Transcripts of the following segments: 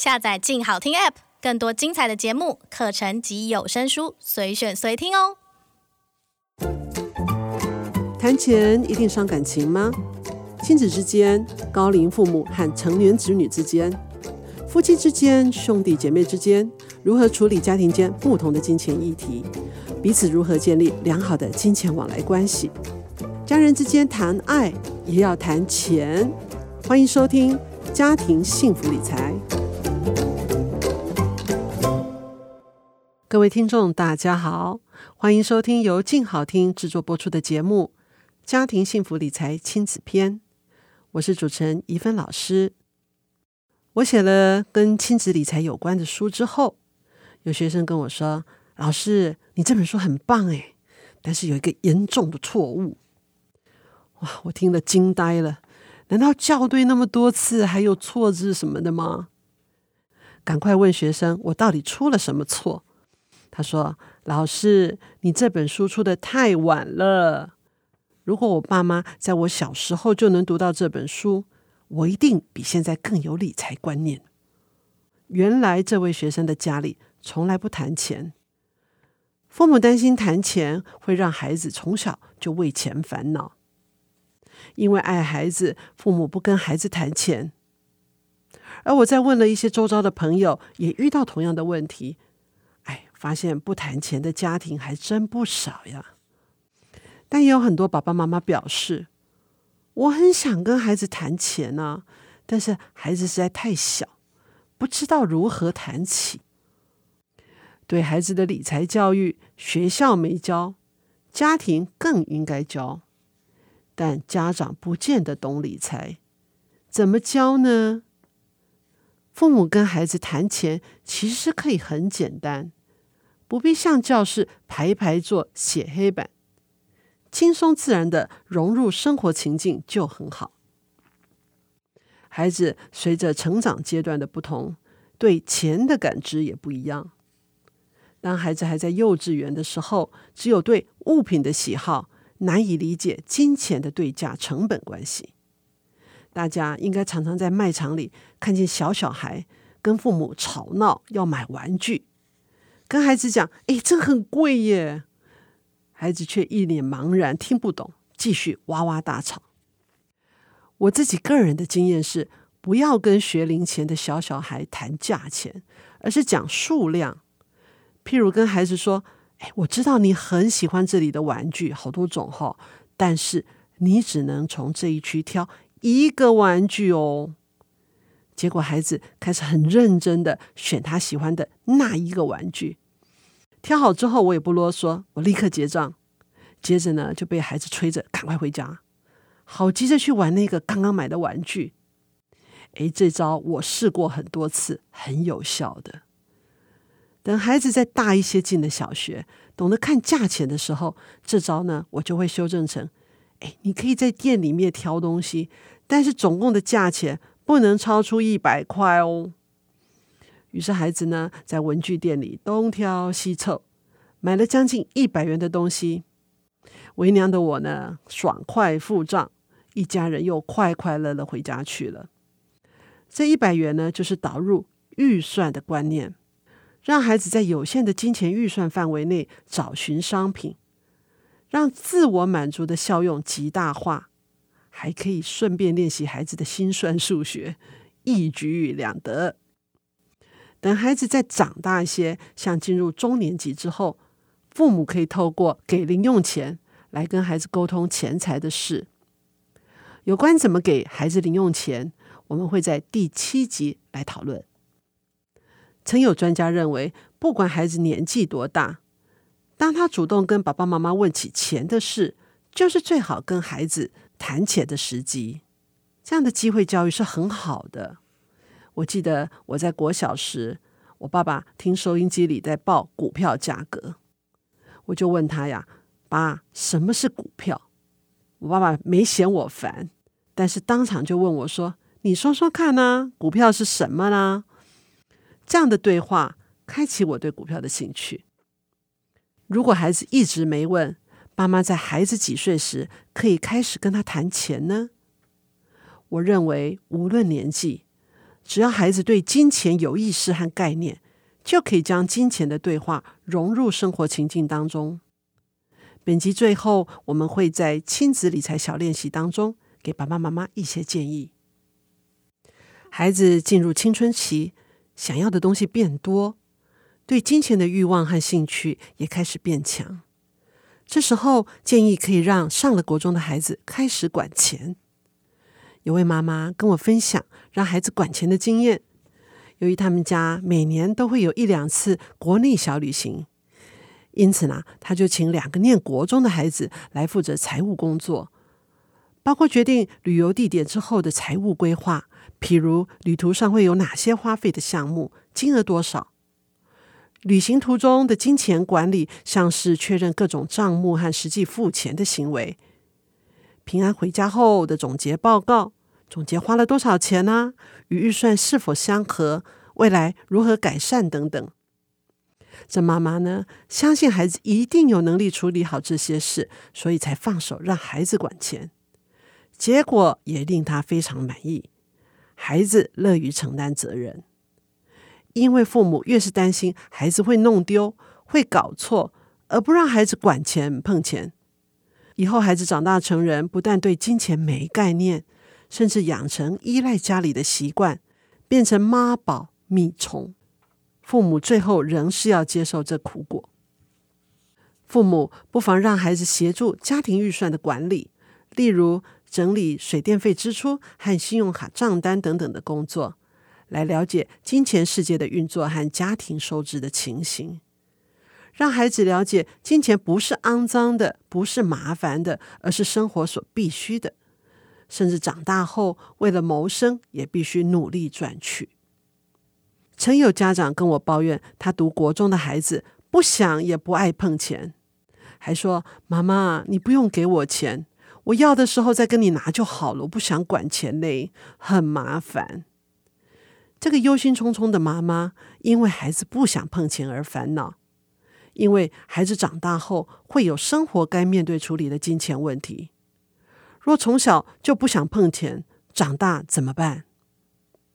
下載“鏡好聽 ”App，更多精彩的節目、課程及有聲書，隨選隨聽哦。談錢一定傷感情嗎？親子之間、高齡父母和成年子女之間、夫妻之間、兄弟姐妹之間，如何處理家庭間不同的金錢議題？彼此如何建立良好的金錢往來關係？家人之間談愛也要談錢。歡迎收聽《家庭幸福理財》。各位聽眾，大家好，歡迎收聽由靜好聽制作播出的節目《家庭幸福理財親子篇》。我是主持人怡芬老師。我寫了跟親子理財有關的書之後，有學生跟我說：“老師，你這本書很棒哎，但是有一個嚴重的錯誤。”哇！我聽了驚呆了。難道校對那麼多次還有錯字什麼的嗎？趕快問學生，我到底出了什麼錯？他說：“老師，你這本書出得太晚了。如果我爸媽在我小時候就能讀到這本書，我一定比現在更有理財觀念。”原來這位學生的家裡從來不談錢，父母擔心談錢會讓孩子從小就為錢煩惱，因為愛孩子，父母不跟孩子談錢。而我在問了一些周遭的朋友，也遇到同樣的問題。發現不談錢的家庭還真不少呀，但也有很多爸爸媽媽表示，我很想跟孩子談錢呢、啊，但是孩子實在太小，不知道如何談起。對孩子的理財教育，學校沒教，家庭更應該教，但家長不見得懂理財，怎麼教呢？父母跟孩子談錢，其實可以很簡單。不必像教室排排坐寫黑板，輕鬆自然地融入生活情境就很好。孩子隨着成長階段的不同，對錢的感知也不一樣。當孩子還在幼稚園的時候，只有對物品的喜好，難以理解金錢的對價成本關係。大家應該常常在賣場裡看見小小孩跟父母吵鬧要買玩具。跟孩子講，誒，這很貴耶！孩子卻一臉茫然，聽不懂，繼續哇哇大吵。我自己個人的經驗是，不要跟學齡前的小小孩談價錢，而是講數量。譬如跟孩子說，誒，我知道你很喜歡這裡的玩具，好多種哈，但是你只能從這一區挑一個玩具哦。結果孩子開始很認真的選他喜歡的那一個玩具，挑好之後我也不囉嗦，我立刻結賬。接着呢就被孩子催着趕快回家，好急着去玩那個剛剛買的玩具。哎，這招我試過很多次，很有效的。等孩子再大一些，進了小學，懂得看價錢的時候，這招呢我就會修正成：哎，你可以在店裡面挑東西，但是總共的價錢。不能超出一百塊哦。於是孩子呢，在文具店裡東挑西湊，買了將近一百元的東西。為娘的我呢，爽快付賬，一家人又快快樂樂回家去了。這一百元呢，就是導入預算的觀念，讓孩子在有限的金錢預算範圍內找尋商品，讓自我滿足的效用極大化。還可以順便練習孩子的心算數學，一舉兩得。等孩子再長大一些，像進入中年級之後，父母可以透過給零用錢來跟孩子溝通錢財的事。有關怎麼給孩子零用錢，我們會在第七集來討論。曾有專家認為，不管孩子年紀多大，當他主動跟爸爸媽媽問起錢的事，就是最好跟孩子。談錢的時機，這樣的機會教育是很好的。我記得我在國小時，我爸爸聽收音機裡在報股票價格，我就問他呀：“爸，什麼是股票？”我爸爸沒嫌我煩，但是當場就問我說：“你說說看呢、啊，股票是什麼呢？”這樣的對話開啟我對股票的興趣。如果孩子一直沒問。爸媽在孩子幾歲時可以開始跟他談錢呢？我認為，無論年紀，只要孩子對金錢有意識和概念，就可以將金錢的對話融入生活情境當中。本集最後，我們會在親子理財小練習當中給爸爸媽媽一些建議。孩子進入青春期，想要的東西變多，對金錢的欲望和興趣也開始變強。這時候，建議可以讓上了國中的孩子開始管錢。有位媽媽跟我分享讓孩子管錢的經驗。由於他們家每年都會有一兩次國內小旅行，因此呢，他就請兩個念國中的孩子來負責財務工作，包括決定旅遊地點之後的財務規劃，譬如旅途上會有哪些花費的項目，金額多少。旅行途中的金錢管理，像是確認各種賬目和實際付錢的行為；平安回家後的總結報告，總結花了多少錢呢、啊？與預算是否相合？未來如何改善等等。這媽媽呢，相信孩子一定有能力處理好這些事，所以才放手讓孩子管錢。結果也令她非常滿意，孩子樂於承擔責任。因為父母越是擔心孩子會弄丟、會搞錯，而不讓孩子管錢、碰錢，以後孩子長大成人，不但對金錢沒概念，甚至養成依賴家裡的習慣，變成媽寶米蟲，父母最後仍是要接受這苦果。父母不妨讓孩子協助家庭預算的管理，例如整理水電費支出和信用卡賬單等等的工作。來了解金錢世界的運作和家庭收支的情形，讓孩子了解金錢不是骯髒的，不是麻煩的，而是生活所必須的。甚至長大後，為了謀生，也必須努力賺取。曾有家長跟我抱怨，他讀國中的孩子不想也不愛碰錢，還說：“媽媽，你不用給我錢，我要的時候再跟你拿就好了，我不想管錢嘞，很麻煩。”這個憂心忡忡的媽媽，因為孩子不想碰錢而煩惱，因為孩子長大後會有生活該面對處理的金錢問題。若從小就不想碰錢，長大怎麼辦？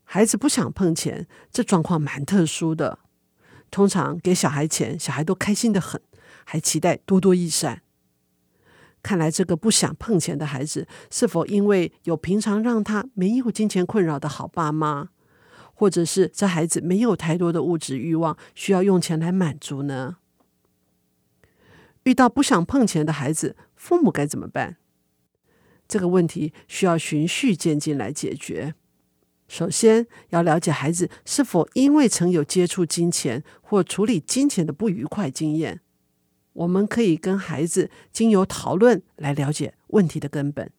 孩子不想碰錢，這狀況蠻特殊的。通常給小孩錢，小孩都開心得很，還期待多多益善。看來這個不想碰錢的孩子，是否因為有平常讓他沒有金錢困擾的好爸媽？或者是這孩子沒有太多的物質欲望，需要用錢來滿足呢？遇到不想碰錢的孩子，父母該怎麼辦？這個問題需要循序漸進來解決。首先要了解孩子是否因為曾有接觸金錢或處理金錢的不愉快經驗，我們可以跟孩子經由討論來了解問題的根本。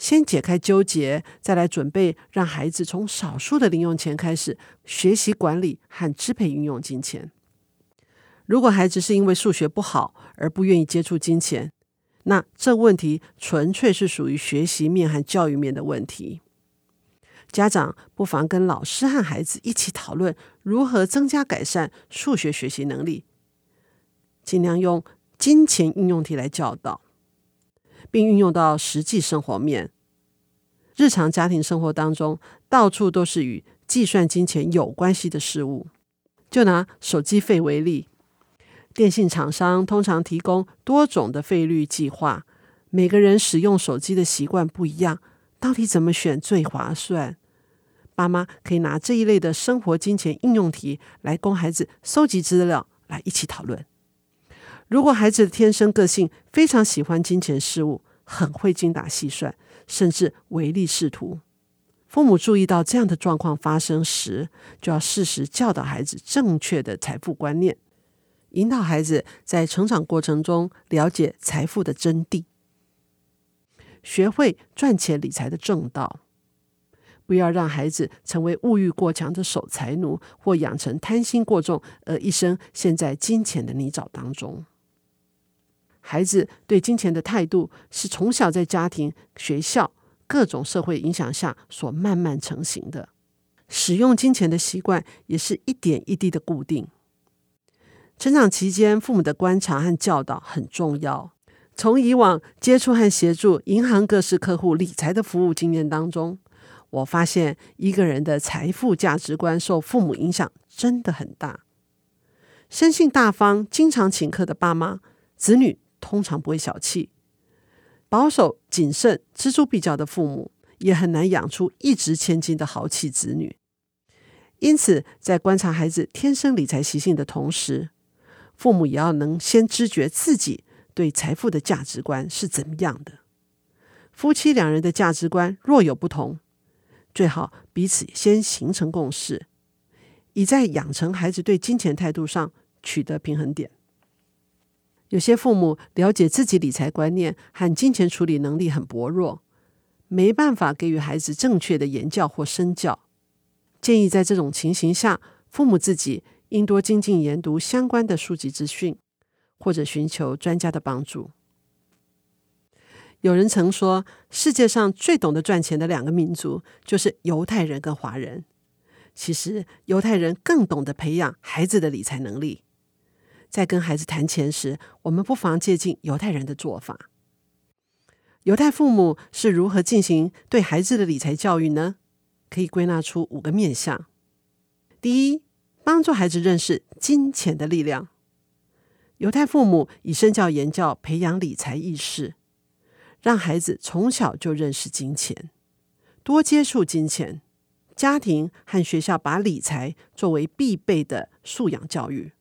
先解開糾結，再來準備讓孩子從少數的零用錢開始學習管理和支配運用金錢。如果孩子是因為數學不好而不願意接觸金錢，那這問題純粹是屬於學習面和教育面的問題。家長不妨跟老師和孩子一起討論如何增加改善數學學習能力，盡量用金錢應用題來教導。並運用到實際生活面，日常家庭生活當中，到處都是與計算金錢有關係的事物。就拿手機費為例，電信廠商通常提供多種的費率計劃，每個人使用手機的習慣不一樣，到底怎麼選最划算？爸媽可以拿這一類的生活金錢應用題來供孩子搜集資料，來一起討論。如果孩子的天生個性非常喜歡金錢事物，很會精打細算，甚至唯利是圖，父母注意到這樣的狀況發生時，就要適時教導孩子正確的財富觀念，引導孩子在成長過程中了解財富的真諦，學會賺錢理財的正道，不要讓孩子成為物慾過強的守財奴，或養成貪心過重，而一生陷在金錢的泥沼當中。孩子對金錢的態度是從小在家庭、學校各種社會影響下所慢慢成型的，使用金錢的習慣也是一點一滴的固定。成長期間，父母的觀察和教導很重要。從以往接觸和協助銀行各式客戶理財的服務經驗當中，我發現一個人的財富價值觀受父母影響真的很大。生性大方、經常請客的爸媽，子女，通常不會小氣保守、謹慎、錙銖必較的父母，也很難養出一擲千金的豪氣子女。因此，在觀察孩子天生理財習性的同時，父母也要能先知覺自己對財富的價值觀是怎麼樣的。夫妻兩人的價值觀若有不同，最好彼此先形成共識，以在養成孩子對金錢態度上取得平衡點。有些父母了解自己理財觀念和金錢處理能力很薄弱，沒辦法給予孩子正確的言教或身教。建議在這種情形下，父母自己應多精進研讀相關的書籍資訊，或者尋求專家的幫助。有人曾說，世界上最懂得賺錢的兩個民族就是猶太人跟華人。其實，猶太人更懂得培養孩子的理財能力。在跟孩子談錢時，我們不妨借鑑猶太人的做法。猶太父母是如何進行對孩子的理財教育呢？可以歸納出五個面向：第一，幫助孩子認識金錢的力量。猶太父母以身教言教培養理財意識，讓孩子從小就認識金錢，多接觸金錢。家庭和學校把理財作為必備的素養教育。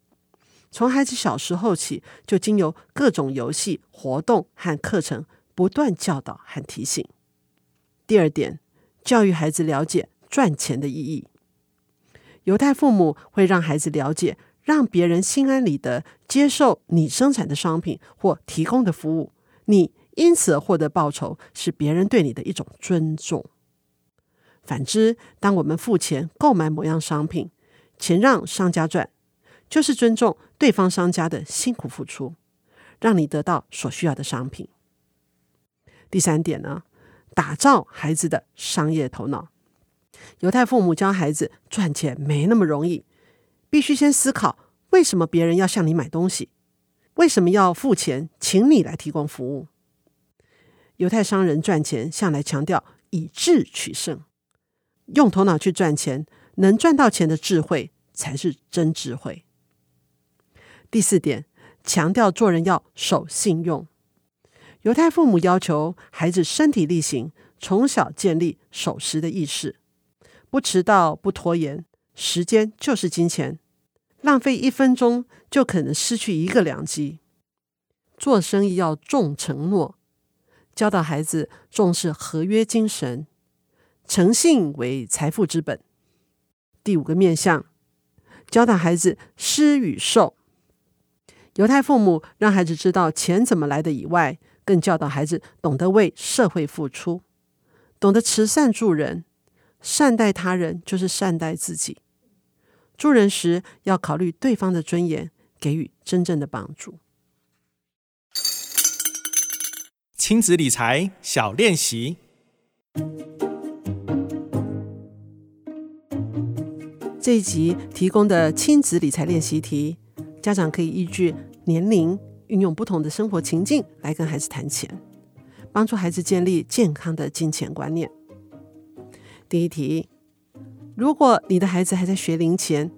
從孩子小時候起，就經由各種遊戲活動和課程不斷教導和提醒。第二點，教育孩子了解賺錢的意義。猶太父母會讓孩子了解，讓別人心安理得接受你生產的商品或提供的服務，你因此獲得報酬，是別人對你的一種尊重。反之，當我們付錢購買某樣商品，錢讓商家賺。就是尊重對方商家的辛苦付出，讓你得到所需要的商品。第三點呢，打造孩子的商業頭腦。猶太父母教孩子賺錢沒那麼容易，必須先思考為什麼別人要向你買東西，為什麼要付錢，請你來提供服務。猶太商人賺錢向來強調以智取勝，用頭腦去賺錢，能賺到錢的智慧才是真智慧。第四點，強調做人要守信用。猶太父母要求孩子身體力行，從小建立守時的意識，不遲到，不拖延。時間就是金錢，浪費一分鐘就可能失去一個良機。做生意要重承諾，教導孩子重視合約精神，誠信為財富之本。第五個面向，教導孩子施與受。猶太父母讓孩子知道錢怎麼來的以外，更教導孩子懂得為社會付出，懂得慈善助人，善待他人就是善待自己。助人時要考慮對方的尊嚴，給予真正的幫助。親子理財小練習，這一集提供的親子理財練習題。家長可以依據年齡，運用不同的生活情境來跟孩子談錢，幫助孩子建立健康的金錢觀念。第一題，如果你的孩子還在學齡前，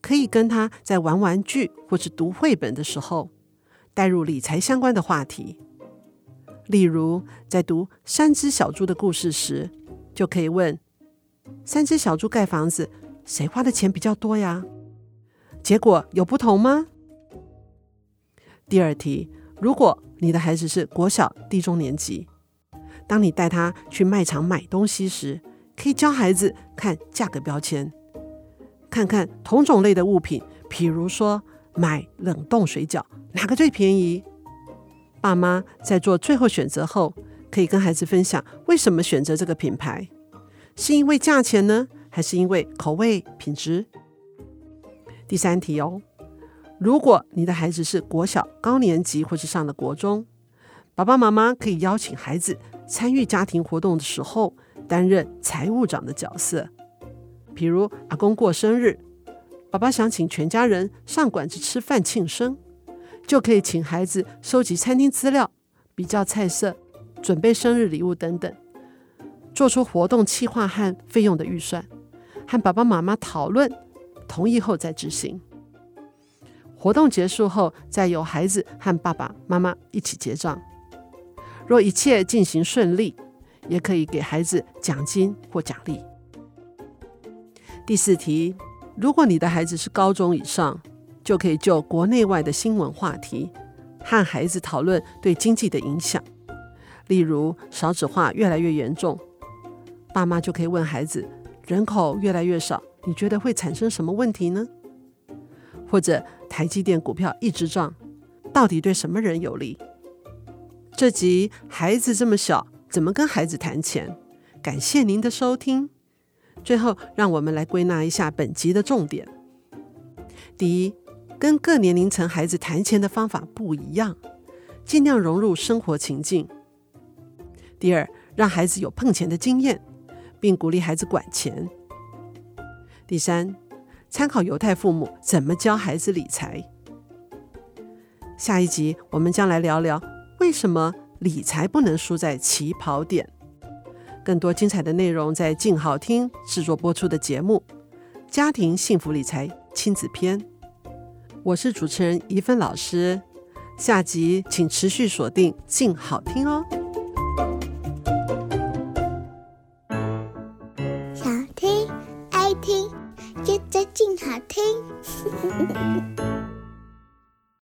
可以跟他在玩玩具或是讀繪本的時候，帶入理財相關的話題。例如，在讀《三隻小豬》的故事時，就可以問：“三隻小豬蓋房子，誰花的錢比較多呀？”結果有不同嗎？第二題，如果你的孩子是國小、低中年級，當你帶他去賣場買東西時，可以教孩子看價格標籤，看看同種類的物品，比如說買冷凍水餃，哪個最便宜？爸媽在做最後選擇後，可以跟孩子分享為什麼選擇這個品牌，是因為價錢呢，還是因為口味、品質？第三題哦，如果你的孩子是國小高年級或是上了國中，爸爸媽媽可以邀請孩子參與家庭活動的時候擔任財務長的角色。比如阿公過生日，爸爸想請全家人上館子吃飯慶生，就可以請孩子收集餐廳資料、比較菜色、準備生日禮物等等，做出活動計劃和費用的預算，和爸爸媽媽討論。同意後再執行。活動結束後，再由孩子和爸爸媽媽一起結賬。若一切進行順利，也可以給孩子獎金或獎勵。第四題，如果你的孩子是高中以上，就可以就國內外的新聞話題和孩子討論對經濟的影響，例如少子化越來越嚴重，爸媽就可以問孩子：人口越來越少。你覺得會產生什麼問題呢？或者台積電股票一直漲，到底對什麼人有利？這集孩子這麼小，怎麼跟孩子談錢？感謝您的收聽。最後，讓我們來歸納一下本集的重點：第一，跟各年齡層孩子談錢的方法不一樣，儘量融入生活情境；第二，讓孩子有碰錢的經驗，並鼓勵孩子管錢。第三，參考猶太父母怎麼教孩子理財。下一集我們將來聊聊為什麼理財不能輸在起跑點。更多精彩的內容在靜好聽製作播出的節目《家庭幸福理財親子篇》，我是主持人怡芬老師。下集請持續鎖定靜好聽哦。